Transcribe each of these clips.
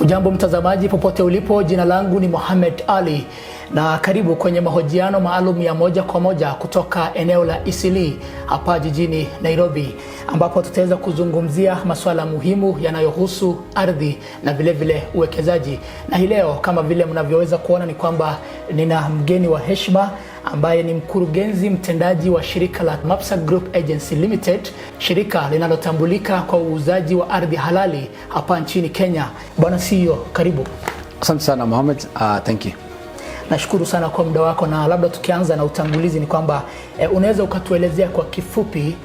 ujambo mtazamaji popote ulipo, jina langu ni Mohamed Ali na karibu kwenye mahojiano maalum ya moja kwa moja kutoka eneo la isili hapa jijini Nairobi, ambapo tutaweza kuzungumzia masuala muhimu yanayohusu ardhi na vilevile vile uwekezaji. Na hii leo kama vile mnavyoweza kuona ni kwamba nina mgeni wa heshma ambaye ni mkurugenzi mtendaji wa shirika la Mapsa Group Agency Limited, shirika linalotambulika kwa uuzaji wa ardhi halali hapa nchini Kenya. Bwana CEO, karibu. Asante sana Mohamed. Uh, ah, thank you. Nashukuru sana kwa muda wako, na labda tukianza na utangulizi ni kwamba e, unaweza ukatuelezea kwa kifupi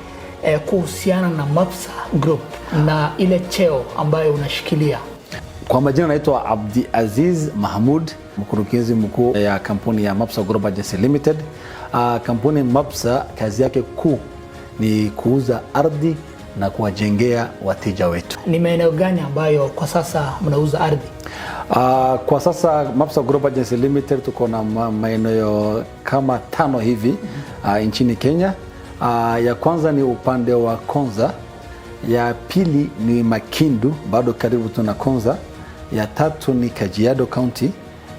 e, kuhusiana na Mapsa Group na ile cheo ambayo unashikilia. Kwa majina naitwa Abdi Aziz Mahmud, mkurugenzi mkuu eh, ya kampuni ya Mapsa Group Agency Limited. Ah, kampuni Mapsa kazi yake kuu ni kuuza ardhi na kuwajengea wateja wetu. Ni maeneo gani ambayo kwa sasa mnauza ardhi? Uh, kwa sasa Mapsa Global Agency Limited tuko na maeneo kama tano hivi uh, nchini Kenya. Uh, ya kwanza ni upande wa Konza, ya pili ni Makindu, bado karibu tuna Konza, ya tatu ni Kajiado County,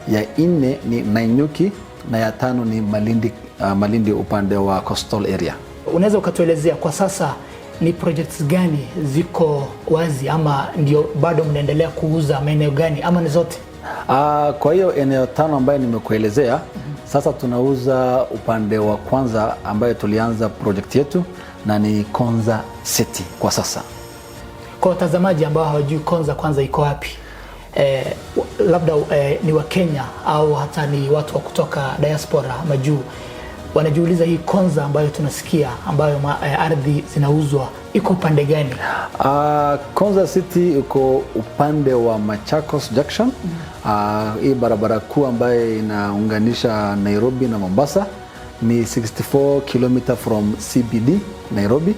ya nne ni Nanyuki na ya tano ni Malindi, uh, Malindi upande wa coastal area. Unaweza ukatuelezea kwa sasa ni projects gani ziko wazi ama ndio bado mnaendelea kuuza maeneo gani ama ni zote? Uh, kwa hiyo eneo tano ambayo nimekuelezea, mm -hmm. Sasa tunauza upande wa kwanza ambayo tulianza project yetu na ni Konza City kwa sasa. Kwa watazamaji ambao hawajui Konza kwanza iko wapi, eh, labda eh, ni Wakenya au hata ni watu wa kutoka diaspora majuu wanajiuliza hii konza ambayo tunasikia ambayo eh, ardhi zinauzwa iko upande gani? Uh, Konza City iko upande wa Machakos Junction. mm -hmm. Uh, hii barabara kuu ambayo inaunganisha Nairobi na Mombasa ni 64 km from CBD Nairobi,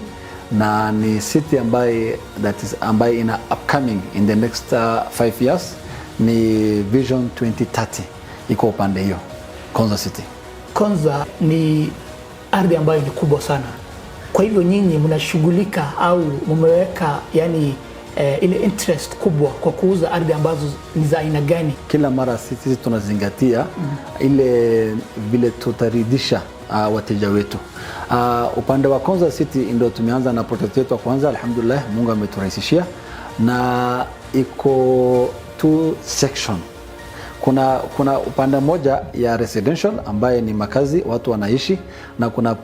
na ni city ambayo that is ambayo ina upcoming in the next 5 uh, ah, years ni Vision 2030 iko upande hiyo Konza City. Konza ni ardhi ambayo ni kubwa sana, kwa hivyo nyinyi mnashughulika au mmeweka yani eh, ile interest kubwa kwa kuuza ardhi ambazo ni za aina gani? Kila mara sisi tunazingatia mm. ile vile tutaridhisha uh, wateja wetu uh, upande wa Konza City ndio tumeanza na project yetu ya kwanza. Alhamdulillah, Mungu ameturahisishia na iko two section kuna, kuna upande mmoja ya residential ambaye ni makazi watu wanaishi, na kuna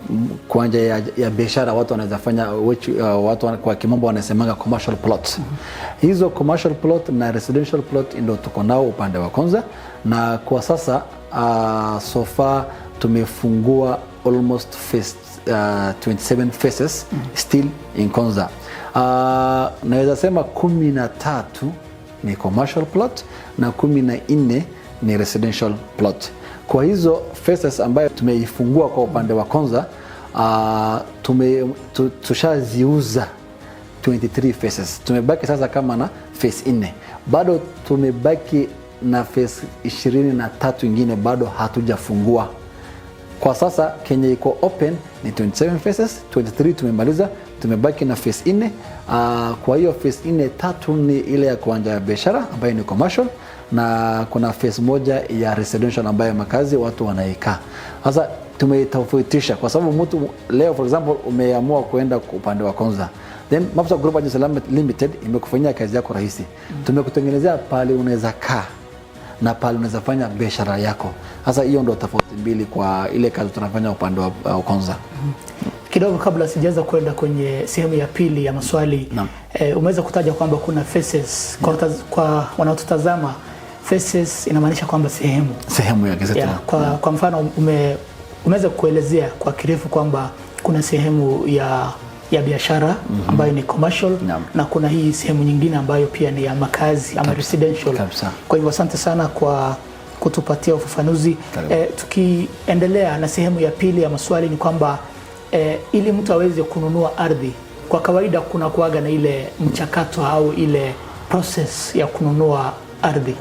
kuanja ya, ya biashara watu wanaweza fanya uh, watu kwa kimombo wanasemanga commercial plot. Mm -hmm. Hizo commercial plot na residential plot ndio tuko nao upande wa Konza, na kwa sasa uh, so far tumefungua almost first, uh, 27 faces mm -hmm. still in Konza uh, naweza sema kumi na tatu ni commercial plot na kumi na nne ni residential plot. Kwa hizo phases ambayo tumeifungua kwa upande wa kwanza uh, tushaziuza 23 phases. Tumebaki sasa kama na phase 4, bado tumebaki na phase 23 ingine bado hatujafungua. Kwa sasa Kenya iko open ni 27 phases, 23 tumemaliza tumebaki na phase nne. Uh, kwa hiyo phase nne tatu ni ile ya kuanja ya biashara ambayo ni commercial na kuna phase moja ya residential ambayo makazi watu wanaikaa. Sasa tumetofautisha kwa sababu mtu leo for example umeamua kuenda upande wa Konza then Mafuta Group Agency Limited imekufanyia kazi yako rahisi. mm -hmm. Tumekutengenezea pale unaweza kaa na pale unaweza fanya biashara yako. Sasa hiyo ndio tofauti mbili kwa ile kazi tunafanya upande wa Konza. mm -hmm kidogo kabla sijaanza kwenda kwenye sehemu ya pili ya maswali e, umeweza kutaja kwamba kuna faces kwa, kwa wanaotutazama faces inamaanisha kwamba sehemu sehemu ya gazeti yeah, kwa, Kwa mfano ume, umeweza kuelezea kwa kirefu kwamba kuna sehemu ya ya biashara mm -hmm. ambayo ni commercial Naam. na kuna hii sehemu nyingine ambayo pia ni ya makazi ama residential. Kwa hivyo asante sana kwa kutupatia ufafanuzi e, tukiendelea na sehemu ya pili ya maswali ni kwamba eh, ili mtu aweze kununua ardhi kwa kawaida kuna kuaga na ile mchakato au ile process ya kununua ardhi.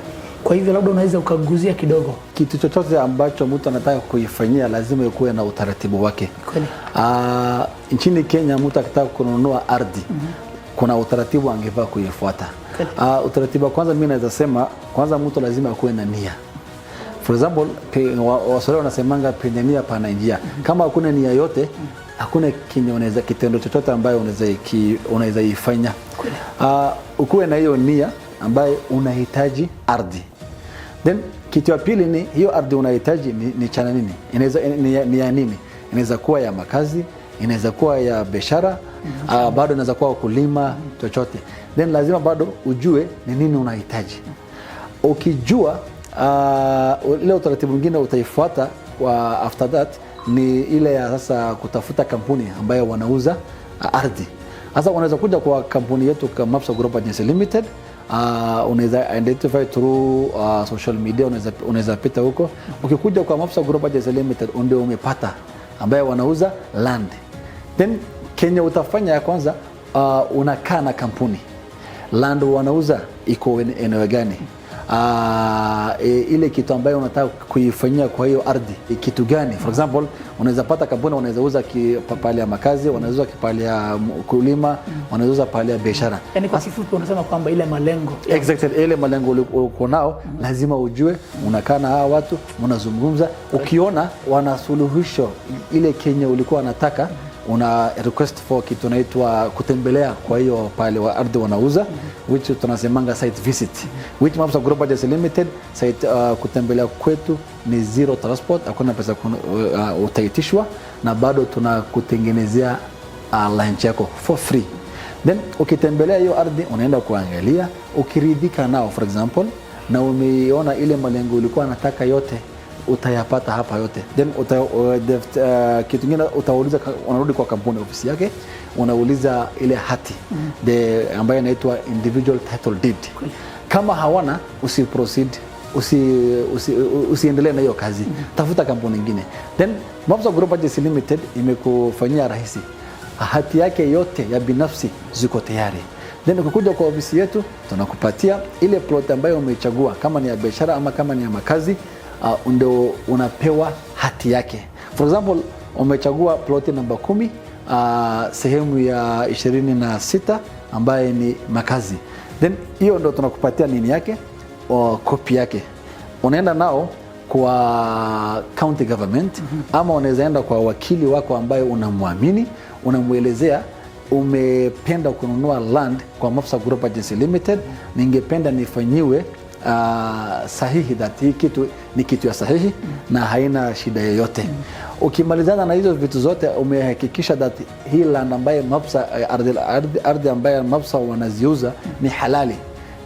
Kwa hivyo labda unaweza ukaguzia kidogo. Kitu chochote ambacho mtu anataka kuifanyia lazima ikuwe na utaratibu wake. Aa, ah, nchini Kenya mtu akitaka kununua ardhi mm -hmm. kuna utaratibu angevaa kuifuata. Aa, ah, utaratibu wa kwanza mimi naweza sema, kwanza mtu lazima akuwe na nia For example, Waswahili wanasemanga penye nia Kama hakuna nia yote, hakuna kitendo chochote ambayo unaweza unaweza ifanya. Uh, ukuwe na hiyo nia ambayo unahitaji ardhi. Then kitu ya pili ni hiyo ardhi unahitaji ni, ni chana nini? ineza, ni ya nini? Inaweza kuwa ya makazi, inaweza kuwa ya biashara, uh, bado inaweza kuwa kulima mm-hmm. chochote. Then lazima bado ujue ni nini unahitaji. Ukijua Uh, ile utaratibu mwingine utaifuata wa after that ni ile ya sasa kutafuta kampuni ambayo wanauza ardhi. Uh, sasa unaweza kuja kwa kampuni yetu kama MAPSA Group Agency Limited. Uh, unaweza identify through uh, social media, unaweza unaweza pita huko. Ukikuja kwa MAPSA Group Agency Limited ndio umepata ambayo wanauza land. Then Kenya utafanya ya kwanza, uh, unakaa na kampuni land wanauza iko eneo gani? Ah, e, ile kitu ambayo unataka kuifanyia kwa hiyo ardhi e, kitu gani? For example unaweza pata kampuni wanawezauza pale ya makazi, uza pale ya kulima, wanawezauza mm. pale ya biashara. Yani kwa kifupi unasema kwamba ile malengo exactly, ile malengo uko nao mm. lazima ujue, unakaa na hawa watu unazungumza ukiona wanasuluhisho ile kenye ulikuwa unataka mm -hmm una request for kitu naitwa kutembelea. Kwa hiyo pale wa ardhi wanauza which tunasemanga site visit which Mapsa Group budget limited site. Uh, kutembelea kwetu ni zero transport, hakuna pesa uh, uh, utaitishwa na bado tunakutengenezea uh, lunch yako for free. Then ukitembelea hiyo ardhi unaenda kuangalia, ukiridhika nao for example, na umeiona ile malengo ulikuwa anataka yote utayapata hapa yote then uta, uh, deft, uh, kitu kingine utauliza, unarudi kwa kampuni ofisi yake unauliza ile hati mm -hmm. the ambayo inaitwa individual title deed cool. Kama hawana usi proceed usiendelee usi, usi, usi na hiyo kazi mm -hmm. Tafuta kampuni nyingine then Mapsa Group Agency Limited imekufanyia rahisi, hati yake yote ya binafsi ziko tayari then ukikuja kwa ofisi yetu tunakupatia ile plot ambayo umechagua, kama ni ya biashara ama kama ni ya makazi uh, ndio unapewa hati yake. For example, umechagua ploti namba kumi uh, sehemu ya ishirini na sita ambaye ni makazi, then hiyo ndo tunakupatia nini yake, kopi uh, yake, unaenda nao kwa county government mhm. ama unaweza enda kwa wakili wako ambaye unamwamini, unamwelezea umependa kununua land kwa Mafsa Group Agency Limited, ningependa nifanyiwe uh, sahihi that hii kitu ni kitu ya sahihi mm. na haina shida yoyote mm. Ukimalizana na hizo vitu zote umehakikisha that hii land ambayo mafsa ardhi, ardhi, ardhi ambayo mafsa wanaziuza mm. ni halali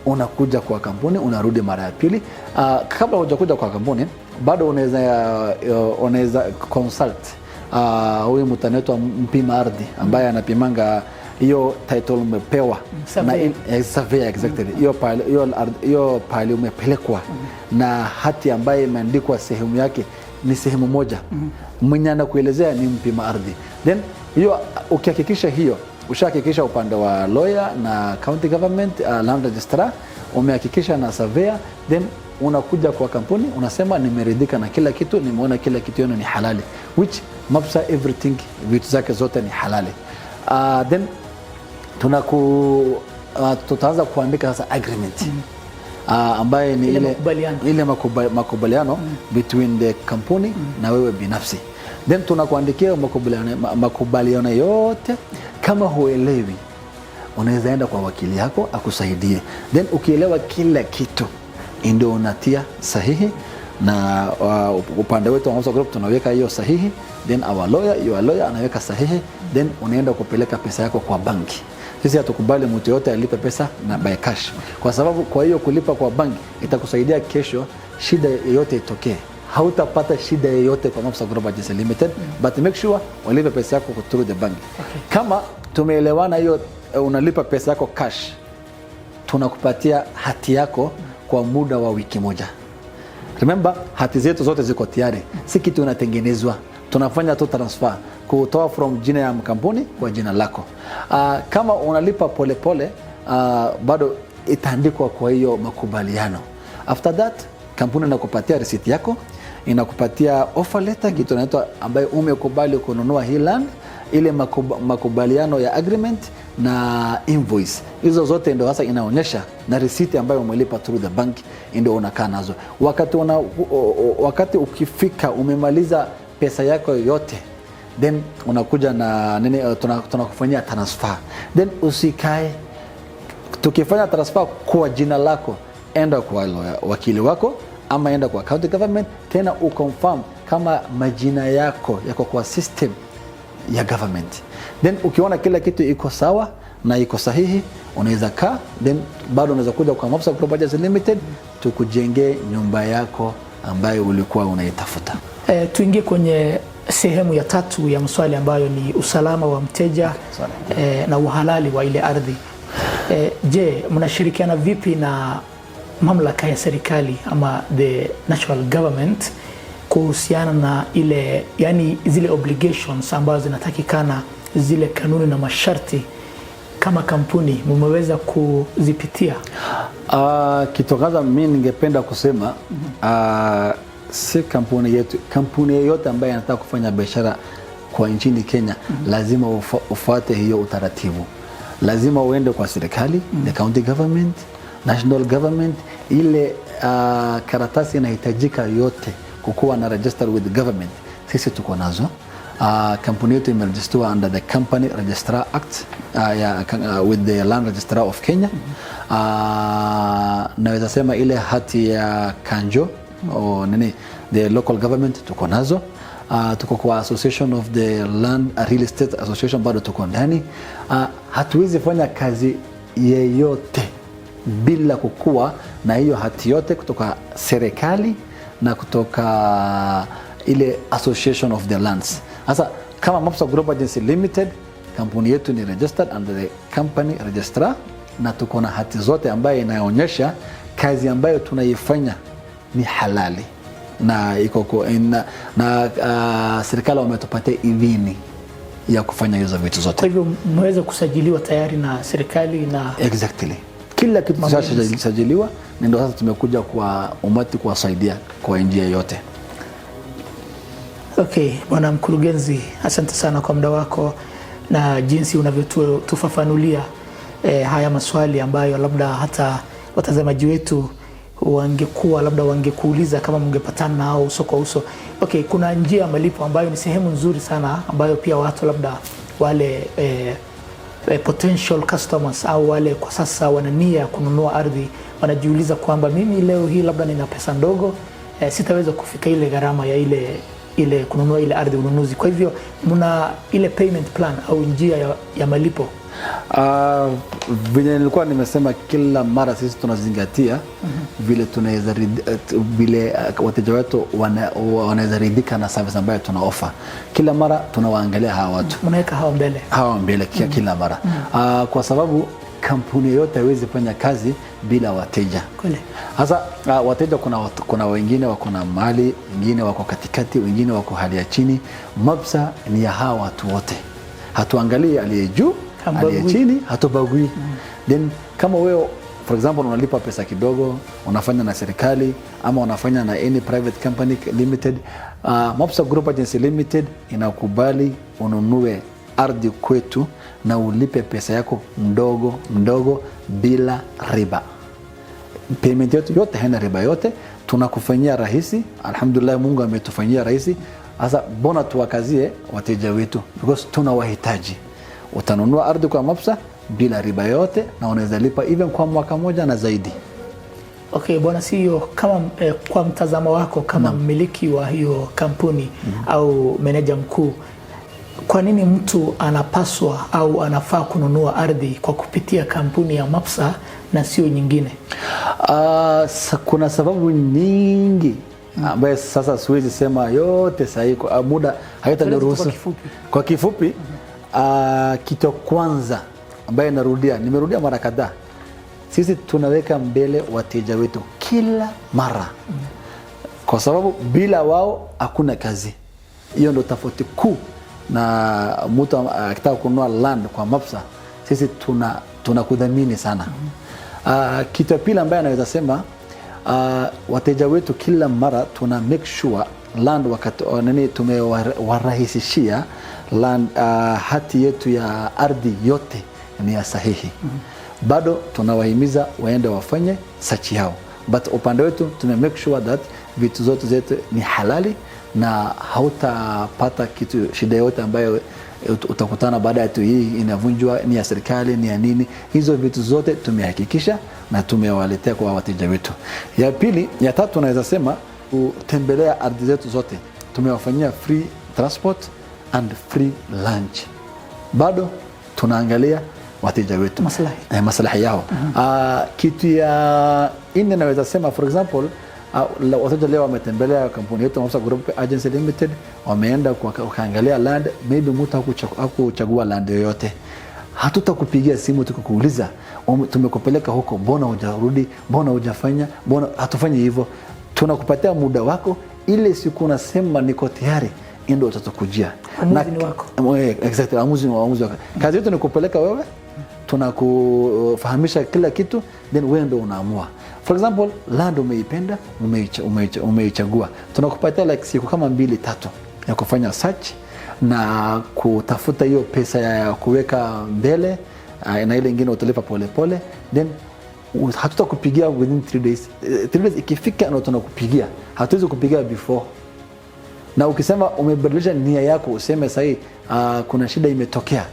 unakuja kwa kampuni unarudi mara ya pili. Uh, kabla hujakuja kwa kampuni bado unaweza uh, unaweza consult uh, huyu mtani wetu mpima ardhi ambaye anapimanga hiyo title umepewa mm, eh, survey exactly, hiyo mm. pahali umepelekwa mm. na hati ambayo imeandikwa sehemu yake ni sehemu moja, mwenye anakuelezea ni mpima ardhi. Then hiyo ukihakikisha hiyo ushahakikisha upande wa lawyer na county government uh, land registrar umehakikisha na surveyor, then unakuja kwa kampuni unasema nimeridhika na kila kitu, nimeona kila kitu yenu ni halali, which mapsa everything vitu zake zote ni halali. Uh, then tunaku uh, tutaanza kuandika sasa agreement mm. Uh, ambaye ni ile, ile makubaliano, mm. between the kampuni mm. na wewe binafsi then tunakuandikia makubaliano, makubaliano yote. Kama huelewi unaweza enda kwa wakili yako akusaidie, then ukielewa kila kitu ndio unatia sahihi na uh, upande wetu wa Group tunaweka hiyo sahihi, then our lawyer, your lawyer anaweka sahihi, then unaenda kupeleka pesa yako kwa banki. Sisi hatukubali mtu yote alipe pesa na by cash, kwa sababu kwa hiyo kulipa kwa banki itakusaidia kesho shida yoyote itokee, hautapata shida yoyote kwa Mapsa Group Agency Limited, but make sure walipe pesa yako through the bank. Okay. Kama tumeelewana hiyo, eh, unalipa pesa yako cash, tunakupatia hati yako kwa muda wa wiki moja. Remember, hati zetu zote ziko tayari, si kitu unatengenezwa tunafanya tu transfer kutoa from jina ya mkampuni kwa jina lako. Uh, kama unalipa polepole pole, uh, bado itaandikwa kwa hiyo makubaliano. After that kampuni inakupatia risiti yako, inakupatia offer letter, kitu inaitwa ambayo umekubali kununua hii land, ile makub makubaliano ya agreement na invoice hizo zote ndio hasa inaonyesha, na risiti ambayo umelipa through the bank ndio unakaa nazo. Wakati, una, wakati ukifika umemaliza pesa yako yote, then unakuja na nini, eh, tunakufanyia transfer, then usikae. Tukifanya transfer kwa jina lako, enda kwa wakili wako ama enda kwa county government, tena uconfirm kama majina yako yako kwa system ya government, then ukiona kila kitu iko sawa na iko sahihi, unaweza kaa, then bado unaweza kuja kwa Mopsa Properties Limited tukujengee nyumba yako ambayo ulikuwa unaitafuta. E, tuingie kwenye sehemu ya tatu ya mswali ambayo ni usalama wa mteja e, na uhalali wa ile ardhi e, je, mnashirikiana vipi na mamlaka ya serikali ama the national government kuhusiana na ile yani zile obligations ambazo zinatakikana zile kanuni na masharti kama kampuni mmeweza kuzipitia? Uh, ah, kitokaza mimi ningependa kusema uh, si kampuni yetu, kampuni yeyote ambaye anataka kufanya biashara kwa nchini Kenya mm -hmm. lazima ufa, ufuate hiyo utaratibu, lazima uende kwa serikali mm -hmm. the county government, national government, ile uh, karatasi inahitajika yote kukuwa na register with the government, sisi tuko nazo. Uh, kampuni yetu imerejistiwa under the Company Registrar Act uh, ya, uh, with the Land Registrar of Kenya mm -hmm. uh, naweza sema ile hati ya kanjo or nini the local government tuko nazo. Uh, tuko kwa association of the land real estate association bado tuko ndani. Uh, hatuwezi fanya kazi yeyote bila kukuwa na hiyo hati yote kutoka serikali na kutoka ile association of the lands. Sasa kama MAPSA Group Agency Limited, kampuni yetu ni registered under the company registrar na tuko na hati zote ambayo inaonyesha kazi ambayo tunaifanya ni halali na iko na, na uh, serikali wametupatia idhini ya kufanya hizo vitu zote. Kwa hivyo mmeweza kusajiliwa tayari na serikali na exactly kila kitu kimesajiliwa, na ndio sasa tumekuja kwa umati kuwasaidia kwa njia yote. Okay, bwana mkurugenzi, asante sana kwa muda wako na jinsi unavyotufafanulia eh, haya maswali ambayo labda hata watazamaji wetu wangekuwa labda wangekuuliza kama mngepatana nao uso kwa uso. Okay, kuna njia ya malipo ambayo ni sehemu nzuri sana ambayo pia watu labda wale eh, eh, potential customers au wale kwa sasa wana nia ya kununua ardhi wanajiuliza kwamba mimi leo hii labda nina pesa ndogo eh, sitaweza kufika ile gharama ya ile ile kununua ile ardhi ununuzi. Kwa hivyo mna ile payment plan au njia ya, ya malipo Uh, ah, vile nilikuwa nimesema kila mara sisi tunazingatia mm -hmm. vile tunaweza eh, vile eh, wateja wetu wanaweza ridhika na service ambayo tuna Kila mara tunawaangalia hawa watu, unaweka hawa mbele, hawa mbele mm -hmm. kila mara mm -hmm. uh, kwa sababu kampuni yoyote haiwezi fanya kazi bila wateja. Sasa uh, ah, wateja kuna, kuna wengine wako na mali, wengine wako katikati, wengine wako hali ya chini. Mapsa ni ya hawa watu wote, hatuangalii aliye juu aliye chini hatobagui mm. Then kama wewe for example unalipa pesa kidogo, unafanya na serikali ama unafanya na any private company limited, uh, Mopsa Group Agency Limited inakubali ununue ardhi kwetu na ulipe pesa yako mdogo mdogo bila riba. Payment yetu yote haina riba, yote tunakufanyia rahisi. Alhamdulillah, Mungu ametufanyia rahisi. Sasa bona tuwakazie wateja wetu because tunawahitaji. Utanunua ardhi kwa MAPSA bila riba yote na unaweza lipa even kwa mwaka moja na zaidi. Okay, bwana CEO, kama eh, kwa mtazamo wako kama mmiliki wa hiyo kampuni mm -hmm. au meneja mkuu, kwa nini mtu anapaswa au anafaa kununua ardhi kwa kupitia kampuni ya MAPSA na sio nyingine? Uh, sa, kuna sababu nyingi mm. ambaye sasa siwezi sema yote sahihi, ah, muda hayataniruhusu. Kwa kifupi, kwa kifupi mm -hmm uh, ah, kito kwanza ambayo narudia, nimerudia mara kadhaa, sisi tunaweka mbele wateja wetu kila mara, kwa sababu bila wao hakuna kazi. Hiyo ndo tofauti kuu na mtu akitaka uh, kununua land kwa Mapsa, sisi tuna tunakudhamini sana. Uh, kitu ya pili ambayo anaweza sema uh, wateja wetu kila mara tuna make sure land wakati nini tumewarahisishia land, uh, ah, hati yetu ya ardhi yote ni ya sahihi mm -hmm. Bado tunawahimiza waende wafanye sachi yao, but upande wetu tume make sure that vitu zote zetu ni halali na hautapata kitu shida yote ambayo utakutana baada ya tu hii inavunjwa, ni ya serikali, ni ya nini. Hizo vitu zote tumehakikisha na tumewaletea kwa wateja wetu. Ya pili, ya tatu, naweza sema kutembelea ardhi zetu zote tumewafanyia free transport and free lunch. Bado tunaangalia wateja wetu maslahi, eh, maslahi yao uh -huh. Uh, ah, kitu ya nne naweza sema for example uh, wateja leo wametembelea kampuni yetu Mwafsa Group Agency Limited, wameenda wakaangalia land, maybe mtu hakuchagua land yoyote hatutakupigia simu tukukuuliza, um, tumekupeleka huko, mbona hujarudi? Mbona hujafanya? Mbona hatufanyi hivyo? Tunakupatia muda wako, ile siku unasema niko tayari ndio watatokujia. Amuzi wako. Exactly, amuzi ni waamuzi wako. Kazi yetu ni kupeleka wewe, tunakufahamisha kila kitu, then wewe ndio unaamua. For example, land umeipenda, umeichagua, tunakupatia like siku kama mbili tatu ya kufanya search na kutafuta hiyo pesa ya kuweka mbele eh, na ile ingine utalipa polepole, then hatutakupigia within 3 days. 3 eh, days ikifika, ndio tunakupigia, hatuwezi kupigia before na ukisema umebadilisha nia yako, useme sahii uh, kuna shida imetokea,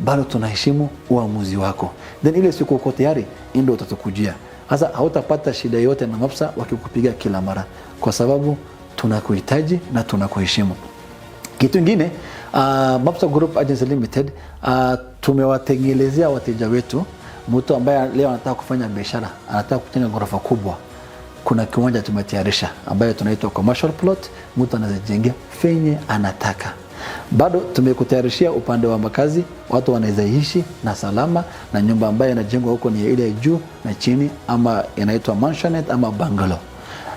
bado tunaheshimu uamuzi wako, then ile siku uko tayari, ndio utatukujia hasa. Hautapata shida yote na mafsa wakikupiga kila mara, kwa sababu tunakuhitaji na tunakuheshimu. Kitu ingine uh, ah, MAPSA Group Agency Limited uh, ah, tumewatengelezea wateja wetu, mtu ambaye leo anataka kufanya biashara, anataka kutenga ghorofa kubwa kuna kiwanja tumetayarisha ambayo tunaitwa commercial plot, mtu anazijengea fenye anataka. Bado tumekutayarishia upande wa makazi, watu wanaweza na salama, na nyumba ambayo inajengwa huko ni ile ya juu na chini, ama inaitwa mansionette ama bungalow.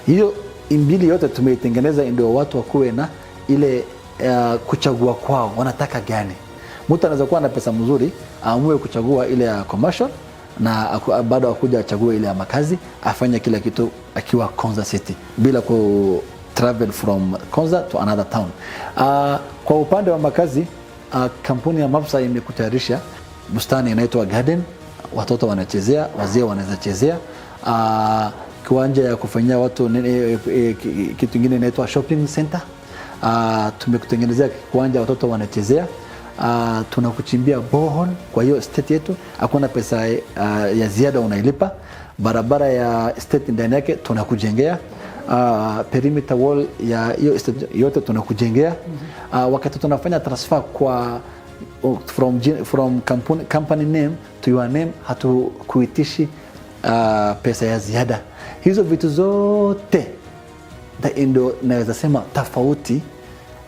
Hiyo mbili yote tumeitengeneza ndio watu wakuwe na ile uh, kuchagua kwao wanataka gani. Mtu anaweza kuwa na pesa mzuri aamue kuchagua ile ya commercial na bado akuja achague ile ya makazi, afanye kila kitu akiwa Konza City bila ku travel from Konza to another town. Uh, kwa upande wa makazi uh, kampuni ya MAPSA imekutayarisha bustani inaitwa garden, watoto wanachezea, wazee wanaweza chezea uh, kiwanja ya kufanyia watu eh, eh, kitu kingine inaitwa shopping center. Uh, tumekutengenezea kiwanja watoto wanachezea uh, tunakuchimbia borehole. Kwa hiyo state yetu hakuna pesa uh, ya ziada unailipa. Barabara ya state ndani yake tunakujengea Uh, perimeter wall ya hiyo yote tunakujengea. mm -hmm. Uh, wakati tunafanya transfer kwa oh, from, from company, company name to your name hatukuitishi uh, pesa ya ziada. Hizo vitu zote ndio naweza sema tofauti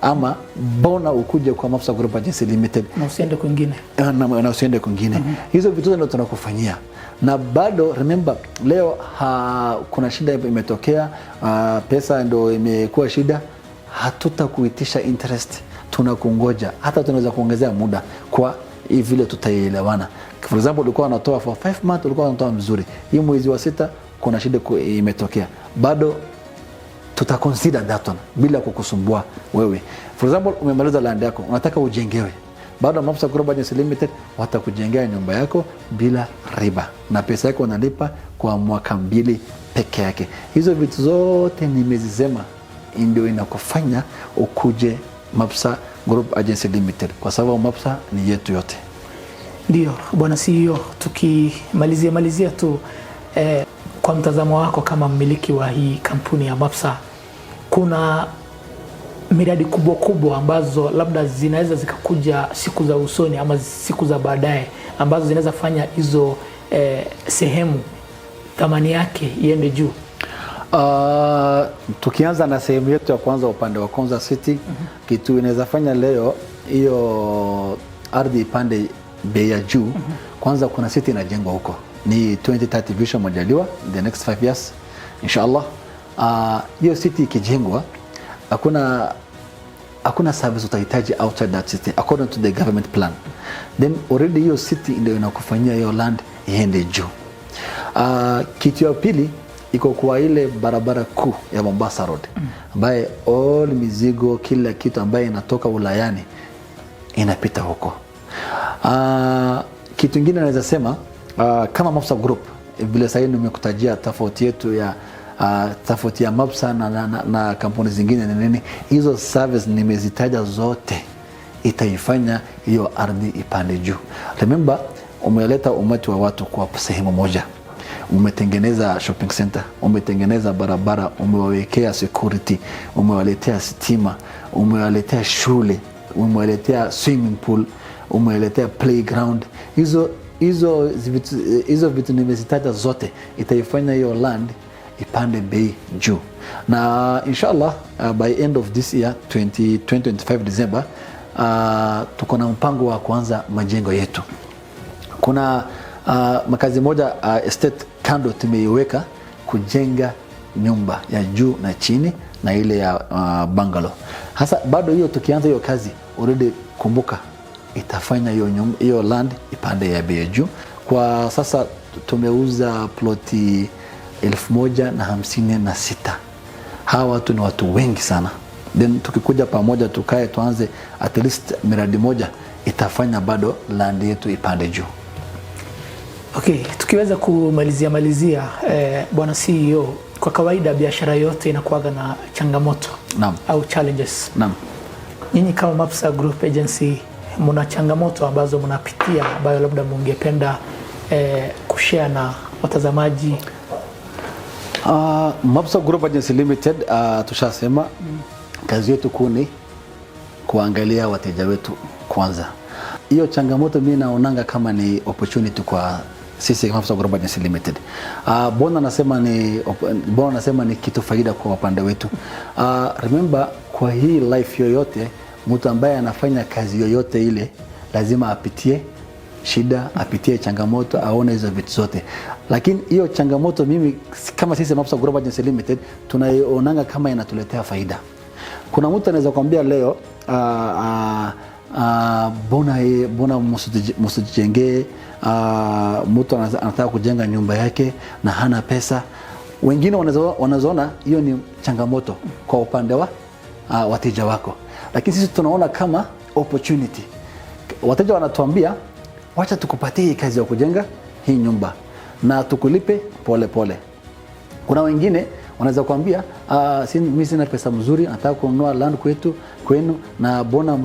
ama mbona ukuje kwa Mafsa Group Agency Limited na usiende kwingine eh, na, na usiende kwingine mm -hmm. Hizo vitu ndio tunakufanyia na bado remember, leo ha, kuna shida imetokea, uh, pesa ndio imekuwa shida, hatutakuitisha interest, tunakungoja, hata tunaweza kuongezea muda kwa vile tutaelewana. For example, ulikuwa unatoa for 5 months, ulikuwa unatoa mzuri, hii mwezi wa sita kuna shida imetokea bado tuta consider that one bila kukusumbua wewe. For example, umemaliza land yako unataka ujengewe, bado MAPSA kuroba Agency Limited watakujengea nyumba yako bila riba na pesa yako unalipa kwa mwaka mbili peke yake. Hizo vitu zote nimezisema ndio inakufanya ukuje MAPSA Group Agency Limited kwa sababu MAPSA ni yetu yote. Ndio bwana CEO, tukimalizia malizia tu eh, kwa mtazamo wako kama mmiliki wa hii kampuni ya MAPSA kuna miradi kubwa kubwa ambazo labda zinaweza zikakuja siku za usoni ama siku za baadaye ambazo zinaweza fanya hizo eh, sehemu thamani yake iende juu? Uh, tukianza na sehemu yetu ya kwanza upande wa Konza City, uh mhm. -huh. kitu inaweza fanya leo hiyo ardhi ipande bei ya juu uh mhm. -huh. Kwanza kuna city inajengwa huko ni 2030 vision, mojaliwa the next 5 years inshallah Ah, hiyo uh, city ikijengwa hakuna hakuna service utahitaji outside that city according to the government plan, then already hiyo city ndio inakufanyia hiyo land iende juu. Uh, kitu ya pili iko kwa ile barabara kuu ya Mombasa Road ambaye mm. all mizigo kila kitu ambaye inatoka Ulayani inapita huko. Uh, kitu ingine naweza sema uh, kama Mafsa Group vile sahii nimekutajia tofauti yetu ya uh, tofauti ya MAPSA na, na, na, na kampuni zingine ni nini, hizo service nimezitaja zote, itaifanya hiyo ardhi ipande juu. Remember, umeleta umati wa watu kwa sehemu moja, umetengeneza shopping center, umetengeneza barabara, umewawekea security, umewaletea stima, umewaletea shule, umewaletea swimming pool, umewaletea playground. Hizo hizo vitu nimezitaja zote, itaifanya hiyo land ipande bei juu, na inshallah uh, by end of this year 20, 2025 December uh, tuko na mpango wa kuanza majengo yetu. Kuna uh, makazi moja uh, estate kando tumeiweka kujenga nyumba ya juu na chini na ile ya uh, bungalow. Hasa bado hiyo, tukianza hiyo kazi already, kumbuka itafanya hiyo hiyo land ipande ya bei juu. Kwa sasa tumeuza ploti elfu moja na hamsini na sita. Hawa watu ni watu wengi sana, then tukikuja pamoja tukae tuanze at least miradi moja itafanya bado land yetu ipande juu. Okay, tukiweza kumalizia malizia eh, bwana CEO, kwa kawaida biashara yote inakuwaga na changamoto Naam. au challenges. Naam. Nyinyi kama Mapsa Group Agency mna changamoto ambazo mnapitia ambayo labda mungependa eh, kushare na watazamaji Uh, ah, Mabsa Group Agency Limited uh, tushasema mm. Kazi yetu kuu ni kuangalia wateja wetu kwanza. Hiyo changamoto mimi naonanga kama ni opportunity kwa sisi Mabsa Group Agency Limited. Uh, bona nasema ni bona nasema ni kitu faida kwa upande wetu. Uh, remember kwa hii life yoyote mtu ambaye anafanya kazi yoyote ile lazima apitie shida, apitie changamoto, aone hizo vitu zote. Lakini hiyo changamoto mimi kama sisi MAPSA Global Agency Limited tunaionanga kama inatuletea faida. Kuna mtu anaweza kuambia leo uh, ah, uh, ah, uh, ah, bona ye, bona msijengee uh, mtu anataka kujenga nyumba yake na hana pesa. Wengine wanazoona hiyo ni changamoto kwa upande wa uh, wateja wako, lakini sisi tunaona kama opportunity. Wateja wanatuambia wacha tukupatie kazi ya kujenga hii nyumba na tukulipe polepole pole. Kuna wengine wanaweza kuambia uh, si, mimi sina pesa mzuri, nataka kununua land kwetu kwenu, na bona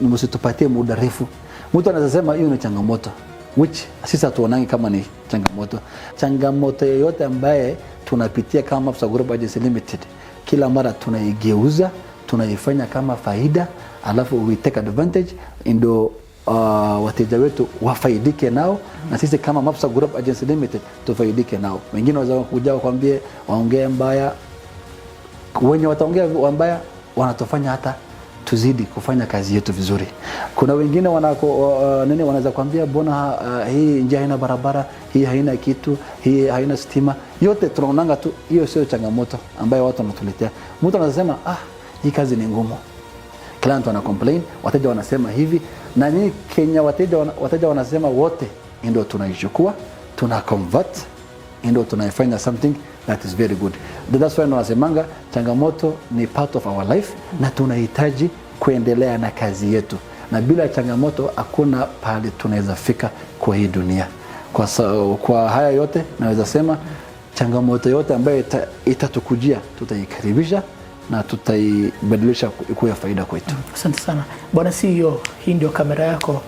msitupatie muda refu. Mtu anaweza sema hiyo ni changamoto, which sisi hatuonangi kama ni changamoto. Changamoto yoyote ambaye tunapitia kama Absa Group Agency Limited, kila mara tunaigeuza tunaifanya kama faida, alafu we take advantage ndio uh, wateja wetu wafaidike nao mm -hmm. na sisi kama Mapsa Group Agency Limited tufaidike nao. Wengine waweza kuja wakwambie waongee mbaya, wenye wataongea mbaya wanatofanya hata tuzidi kufanya kazi yetu vizuri. Kuna wengine wanako, uh, nini wanaweza kuambia bona, uh, hii njia haina barabara, hii haina kitu, hii haina stima, yote tunaonanga tu. Hiyo sio changamoto ambayo watu wanatuletea. Mtu anasema ah, hii kazi ni ngumu, client wana complain, wateja wanasema hivi na nyinyi Kenya wateja, wateja wanasema wote, ndio tunaichukua tuna convert ndio tunaifanya something that is very good. That's why wanasemanga changamoto ni part of our life, na tunahitaji kuendelea na kazi yetu, na bila changamoto hakuna pale tunaweza fika kwa hii dunia. Kwa, kwa haya yote naweza sema changamoto yote ambayo itatukujia tutaikaribisha na tutaibadilisha ikuwe faida kwetu. Asante sana bwana CEO, hii ndio kamera yako.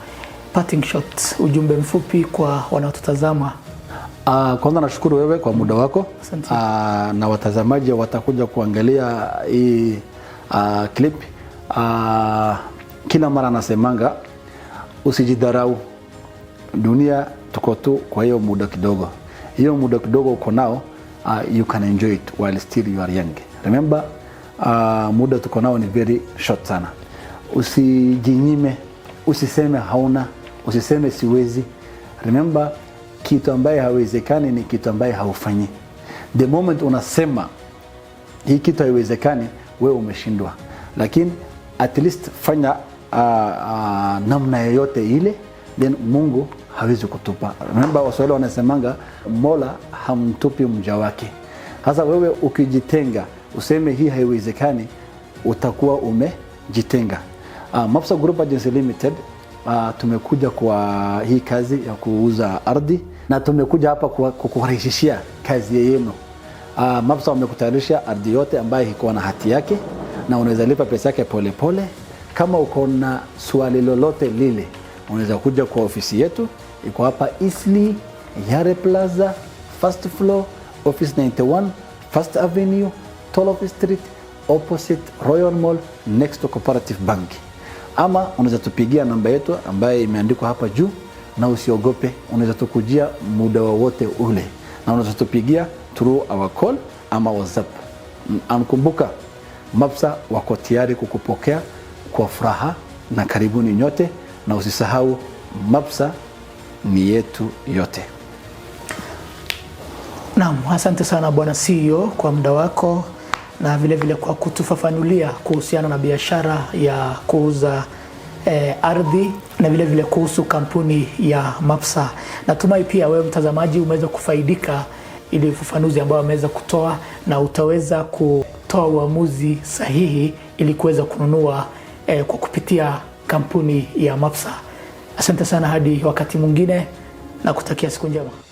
Parting shot, ujumbe mfupi kwa wanaotutazama. Uh, kwanza nashukuru wewe kwa muda wako uh, na watazamaji watakuja kuangalia hii uh, clip uh, kila mara nasemanga usijidharau, dunia tuko tu kwa hiyo muda kidogo, hiyo muda kidogo uko nao uh, you can enjoy it while still you are young. Remember uh, muda tuko nao ni very short sana. Usijinyime, usiseme hauna, usiseme siwezi. Remember, kitu ambaye hawezekani ni kitu ambaye haufanyi. The moment unasema hii kitu haiwezekani, wewe umeshindwa, lakini at least fanya uh, uh, namna yoyote ile, then Mungu hawezi kutupa. Remember, Waswahili wanasemanga Mola hamtupi mja wake. Sasa wewe ukijitenga useme hii haiwezekani, utakuwa umejitenga. Uh, ah, Mapsa Group Agency Limited uh, tumekuja kwa hii kazi ya kuuza ardhi na tumekuja hapa kukurahisishia kazi yenu. Uh, ah, Mapsa wamekutayarisha ardhi yote ambayo iko na hati yake na unaweza lipa pesa yake polepole. Kama uko na swali lolote lile, unaweza kuja kwa ofisi yetu, iko hapa Isli Yare Plaza, first floor, office 91, First Avenue Tolof Street opposite Royal Mall next to Cooperative Bank, ama unaweza tupigia namba yetu ambayo imeandikwa hapa juu, na usiogope, unaweza tukujia muda wowote ule, na unaweza tupigia through our call ama WhatsApp. Ankumbuka, MAPSA wako tayari kukupokea kwa furaha, na karibuni nyote, na usisahau MAPSA ni yetu yote. Naam, asante sana Bwana CEO kwa muda wako na vile vile kwa kutufafanulia kuhusiana na biashara ya kuuza eh, ardhi na vile vile kuhusu kampuni ya Mapsa. Natumai pia wewe mtazamaji umeweza kufaidika ili ufafanuzi ambao ameweza kutoa na utaweza kutoa uamuzi sahihi ili kuweza kununua eh, kwa kupitia kampuni ya Mapsa. Asante sana, hadi wakati mwingine na kutakia siku njema.